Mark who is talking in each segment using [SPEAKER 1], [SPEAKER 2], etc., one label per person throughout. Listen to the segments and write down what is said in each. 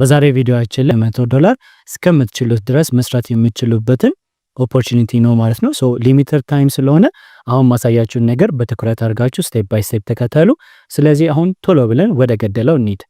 [SPEAKER 1] በዛሬ ቪዲዮችን ላይ መቶ ዶላር እስከምትችሉት ድረስ መስራት የምትችሉበትን ኦፖርቹኒቲ ነው ማለት ነው። ሶ ሊሚትድ ታይም ስለሆነ አሁን ማሳያችሁን ነገር በትኩረት አድርጋችሁ ስቴፕ ባይ ስቴፕ ተከተሉ። ስለዚህ አሁን ቶሎ ብለን ወደ ገደለው እንሂድ።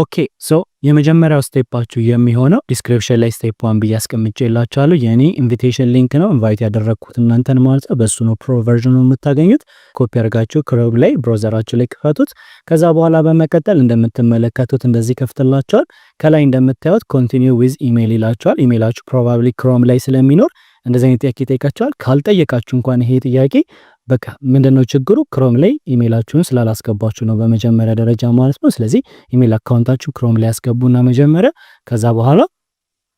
[SPEAKER 1] ኦኬ ሶ የመጀመሪያው ስቴፓችሁ የሚሆነው ዲስክሪፕሽን ላይ ስቴፕ ዋን ብዬ አስቀምጬላችኋለሁ። የእኔ ኢንቪቴሽን ሊንክ ነው ኢንቫይት ያደረግኩት እናንተን ማለት ነው። በእሱ ነው ፕሮ ቨርዥኑ የምታገኙት። ኮፒ አድርጋችሁ ክሮም ላይ ብሮዘራችሁ ላይ ክፈቱት። ከዛ በኋላ በመቀጠል እንደምትመለከቱት እንደዚህ ከፍትላችኋል። ከላይ እንደምታዩት ኮንቲኒ ዊዝ ኢሜይል ይላችኋል። ኢሜይላችሁ ፕሮባብሊ ክሮም ላይ ስለሚኖር እንደዚህ አይነት ጥያቄ ይጠይቃቸዋል። ካልጠየቃችሁ እንኳን ይሄ ጥያቄ በቃ ምንድነው ችግሩ? ክሮም ላይ ኢሜይላችሁን ስላላስገባችሁ ነው በመጀመሪያ ደረጃ ማለት ነው። ስለዚህ ኢሜይል አካውንታችሁ ክሮም ላይ ያስገቡና መጀመሪያ ከዛ በኋላ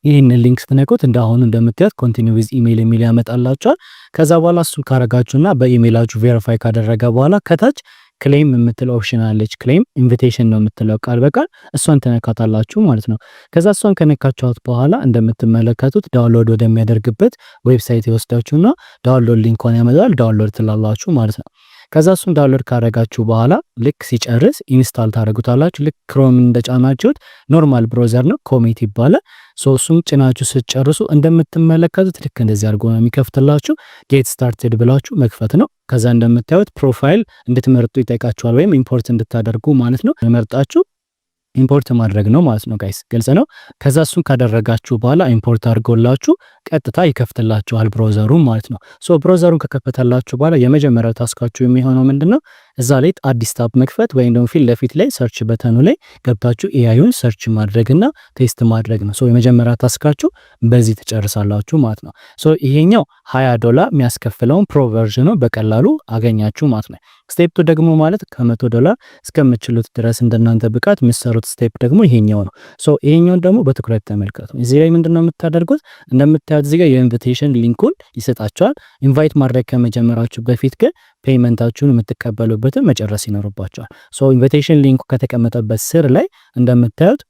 [SPEAKER 1] ይህንን ሊንክ ስትነቁት እንደ አሁኑ እንደምታዩት ኮንቲኒው ዊዝ ኢሜይል የሚል ያመጣላችኋል። ከዛ በኋላ እሱ ካረጋችሁና በኢሜይላችሁ ቬሪፋይ ካደረገ በኋላ ከታች ክሌም የምትለው ኦፕሽን አለች። ክሌም ኢንቪቴሽን ነው የምትለው ቃል በቃል እሷን ተነካታላችሁ ማለት ነው። ከዛ እሷን ከነካችኋት በኋላ እንደምትመለከቱት ዳውንሎድ ወደሚያደርግበት ዌብሳይት ይወስዳችሁና ዳውንሎድ ሊንኳን ያመጣል። ዳውንሎድ ትላላችሁ ማለት ነው። ከዛ እሱን ዳውንሎድ ካረጋችሁ በኋላ ልክ ሲጨርስ ኢንስታል ታደረጉታላችሁ። ልክ ክሮም እንደጫናችሁት ኖርማል ብሮዘር ነው፣ ኮሜት ይባላል። ሶሱም ጭናችሁ ስትጨርሱ እንደምትመለከቱት ልክ እንደዚህ አድርጎ ነው የሚከፍትላችሁ። ጌት ስታርትድ ብላችሁ መክፈት ነው። ከዛ እንደምታዩት ፕሮፋይል እንድትመርጡ ይጠይቃችኋል፣ ወይም ኢምፖርት እንድታደርጉ ማለት ነው። መርጣችሁ ኢምፖርት ማድረግ ነው ማለት ነው ጋይስ፣ ግልጽ ነው። ከዛ እሱን ካደረጋችሁ በኋላ ኢምፖርት አድርጎላችሁ ቀጥታ ይከፍትላችኋል ብሮዘሩን ማለት ነው። ሶ ብሮዘሩን ከከፈተላችሁ በኋላ የመጀመሪያው ታስካችሁ የሚሆነው ምንድን ነው? እዛ ላይ አዲስ ታብ መክፈት ወይም ደግሞ ፊት ለፊት ላይ ሰርች በተኑ ላይ ገብታችሁ ኤአዩን ሰርች ማድረግና ቴስት ማድረግ ነው። የመጀመሪያ ታስካችሁ በዚህ ትጨርሳላችሁ ማለት ነው። ይሄኛው 20 ዶላር የሚያስከፍለውን ፕሮ ቨርዥኑ በቀላሉ አገኛችሁ ማለት ነው። ስቴፕ ቱ ደግሞ ማለት ከመቶ ዶላር እስከምችሉት ድረስ እንደናንተ ብቃት የምሰሩት ስቴፕ ደግሞ ይሄኛው ነው። ይሄኛውን ደግሞ በትኩረት ተመልከቱ። እዚህ ላይ ምንድነው የምታደርጉት? እንደምታዩት እዚህ ጋር የኢንቪቴሽን ሊንኩን ይሰጣቸዋል። ኢንቫይት ማድረግ ከመጀመራችሁ በፊት ግን ፔይመንታችሁን የምትቀበሉበትን መጨረስ ይኖርባቸዋል። ሶ ኢንቪቴሽን ሊንኩ ከተቀመጠበት ስር ላይ እንደምታዩት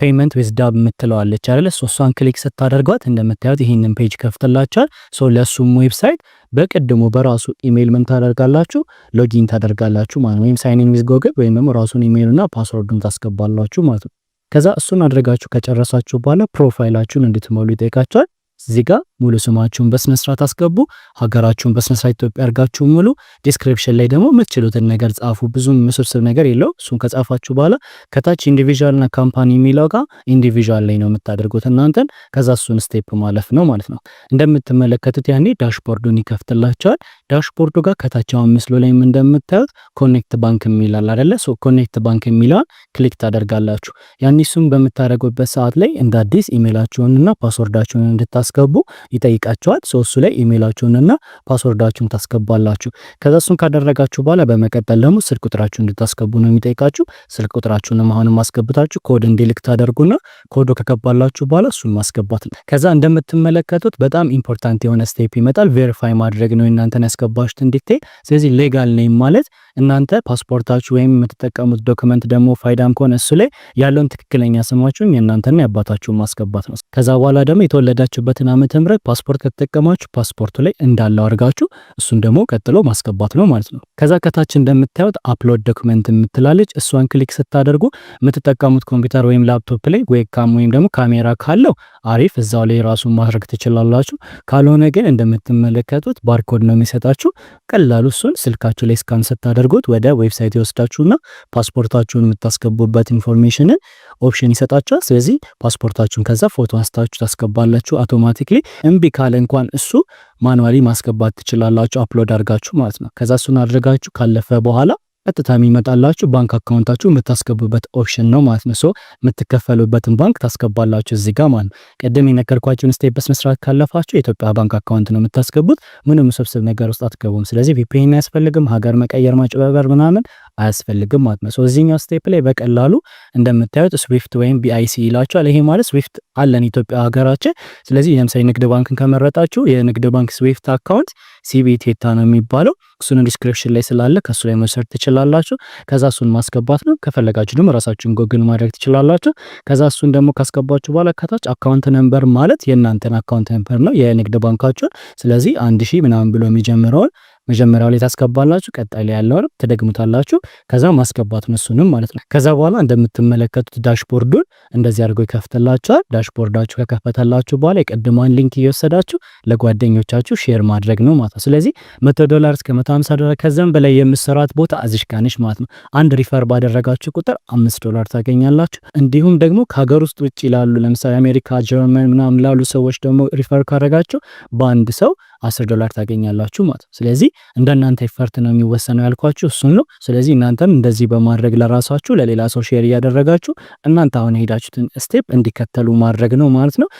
[SPEAKER 1] ፔይመንት ዊዝ ዳብ የምትለዋለች አለ። እሷን ክሊክ ስታደርጓት እንደምታዩት ይህንን ፔጅ ከፍትላቸዋል። ሶ ለእሱም ዌብሳይት በቅድሞ በራሱ ኢሜይል ምን ታደርጋላችሁ? ሎጊን ታደርጋላችሁ ማለት ወይም ሳይኒን ዊዝ ጎግል ወይም ደግሞ ራሱን ኢሜይልና ፓስወርዱን ታስገባላችሁ ማለት ነው። ከዛ እሱን አድርጋችሁ ከጨረሳችሁ በኋላ ፕሮፋይላችሁን እንድትሞሉ ይጠይቃቸዋል። እዚህ ጋር ሙሉ ስማችሁን በስነስርዓት አስገቡ። ሀገራችሁን በስነስርዓት ኢትዮጵያ አድርጋችሁ ሙሉ። ዲስክሪፕሽን ላይ ደግሞ የምትችሉትን ነገር ጻፉ። ብዙም ምስብስብ ነገር የለው። እሱን ከጻፋችሁ በኋላ ከታች ኢንዲቪዥዋልና ካምፓኒ የሚለው ጋር ኢንዲቪዥዋል ላይ ነው የምታደርጉት እናንተን። ከዛ እሱን ስቴፕ ማለፍ ነው ማለት ነው። እንደምትመለከቱት ያኔ ዳሽቦርዱን ይከፍትላቸዋል። ዳሽቦርዱ ጋር ከታችሁን ምስሉ ላይም እንደምታዩት ኮኔክት ባንክ የሚላል አደለ? ኮኔክት ባንክ የሚለውን ክሊክ ታደርጋላችሁ። ያኔ እሱም በምታደርጉበት ሰዓት ላይ እንደ አዲስ ኢሜላችሁንና ፓስወርዳችሁን እንድታስገቡ ይጠይቃቸዋል። ሶ እሱ ላይ ኢሜይላችሁንና ፓስወርዳችሁን ታስገባላችሁ። ከዛ እሱን ካደረጋችሁ በኋላ በመቀጠል ደግሞ ስልክ ቁጥራችሁ እንድታስገቡ ነው የሚጠይቃችሁ። ስልክ ቁጥራችሁን አሁንም ማስገብታችሁ ኮድ እንዲልክ ታደርጉና ኮዱ ከገባላችሁ በኋላ እሱን ማስገባት ነው። ከዛ እንደምትመለከቱት በጣም ኢምፖርታንት የሆነ ስቴፕ ይመጣል። ቬሪፋይ ማድረግ ነው እናንተን ያስገባችሁት እንዲታይ። ስለዚህ ሌጋል ኔም ማለት እናንተ ፓስፖርታችሁ ወይም የምትጠቀሙት ዶክመንት ደግሞ ፋይዳም ከሆነ እሱ ላይ ያለውን ትክክለኛ ስማችሁን የእናንተና የአባታችሁን ማስገባት ነው። ከዛ በኋላ ደግሞ የተወለዳችሁበትን ዓመተ ምሕረት ለማድረግ ፓስፖርት ከተጠቀማችሁ ፓስፖርቱ ላይ እንዳለው አድርጋችሁ እሱን ደግሞ ቀጥሎ ማስገባት ነው ማለት ነው። ከዛ ከታች እንደምታዩት አፕሎድ ዶክመንት የምትላለች እሷን ክሊክ ስታደርጉ የምትጠቀሙት ኮምፒውተር ወይም ላፕቶፕ ላይ ዌብካም ወይም ደግሞ ካሜራ ካለው አሪፍ እዛው ላይ ራሱ ማድረግ ትችላላችሁ። ካልሆነ ግን እንደምትመለከቱት ባርኮድ ነው የሚሰጣችሁ። ቀላሉ እሱን ስልካችሁ ላይ ስካን ስታደርጉት ወደ ዌብሳይት ይወስዳችሁና ፓስፖርታችሁን የምታስገቡበት ኢንፎርሜሽንን ኦፕሽን ይሰጣቸዋል። ስለዚህ ፓስፖርታችሁን ከዛ ፎቶ አንስታችሁ ታስገባላችሁ። አውቶማቲክሊ እምቢ ካለ እንኳን እሱ ማኑዋሊ ማስገባት ትችላላችሁ፣ አፕሎድ አድርጋችሁ ማለት ነው። ከዛ እሱን አድርጋችሁ ካለፈ በኋላ ቀጥታ የሚመጣላችሁ ባንክ አካውንታችሁ የምታስገቡበት ኦፕሽን ነው ማለት ነው። ሶ የምትከፈሉበትን ባንክ ታስገባላችሁ እዚህ ጋር ማለት ነው። ቅድም የነገርኳችሁን ስቴፕ በስነስርዓት ካለፋችሁ የኢትዮጵያ ባንክ አካውንት ነው የምታስገቡት። ምንም ውስብስብ ነገር ውስጥ አትገቡም። ስለዚህ ቪፒኤን አያስፈልግም፣ ሀገር መቀየር ማጭበርበር ምናምን አያስፈልግም ማለት ነው። ሶ እዚህኛው ስቴፕ ላይ በቀላሉ እንደምታዩት ስዊፍት ወይም ቢአይሲ ይላችኋል። ይሄ ማለት ስዊፍት አለን ኢትዮጵያ ሀገራችን። ስለዚህ ለምሳሌ ንግድ ባንክን ከመረጣችሁ የንግድ ባንክ ስዊፍት አካውንት ሲቢ ቴታ ነው የሚባለው። እሱን ዲስክሪፕሽን ላይ ስላለ ከእሱ ላይ መውሰድ ትችላላችሁ። ከዛ እሱን ማስገባት ነው። ከፈለጋችሁ ደግሞ ራሳችሁን ጎግል ማድረግ ትችላላችሁ። ከዛ እሱን ደግሞ ካስገባችሁ በኋላ ከታች አካውንት ነንበር ማለት የእናንተን አካውንት ነንበር ነው የንግድ ባንካችሁን። ስለዚህ አንድ ሺህ ምናምን ብሎ የሚጀምረውን መጀመሪያው ላይ ታስገባላችሁ። ቀጣይ ላይ ያለውን ትደግሙታላችሁ። ከዛ ነው እሱንም ማለት ነው። ከዛ በኋላ እንደምትመለከቱት ዳሽቦርዱን እንደዚህ አድርጎ ይከፍትላችኋል። ዳሽቦርዳችሁ ከከፈተላችሁ በኋላ የቀድሟን ሊንክ እየወሰዳችሁ ለጓደኞቻችሁ ሼር ማድረግ ነው ማለት ነው። ስለዚህ መቶ ዶላር እስከ 150 ዶላር ከዛም በላይ የምትሰራት ቦታ እዚሽ ጋንሽ ማለት ነው። አንድ ሪፈር ባደረጋችሁ ቁጥር 5 ዶላር ታገኛላችሁ። እንዲሁም ደግሞ ከሀገር ውስጥ ውጭ ላሉ ለምሳሌ አሜሪካ፣ ጀርመን ምናምን ላሉ ሰዎች ደግሞ ሪፈር ካረጋችሁ በአንድ ሰው አስር ዶላር ታገኛላችሁ ማለት ነው። ስለዚህ እንደናንተ ኤፈርት ነው የሚወሰነው ያልኳችሁ እሱን ነው። ስለዚህ እናንተም እንደዚህ በማድረግ ለራሳችሁ ለሌላ ሰው ሼር እያደረጋችሁ እናንተ አሁን የሄዳችሁትን ስቴፕ እንዲከተሉ ማድረግ ነው ማለት ነው።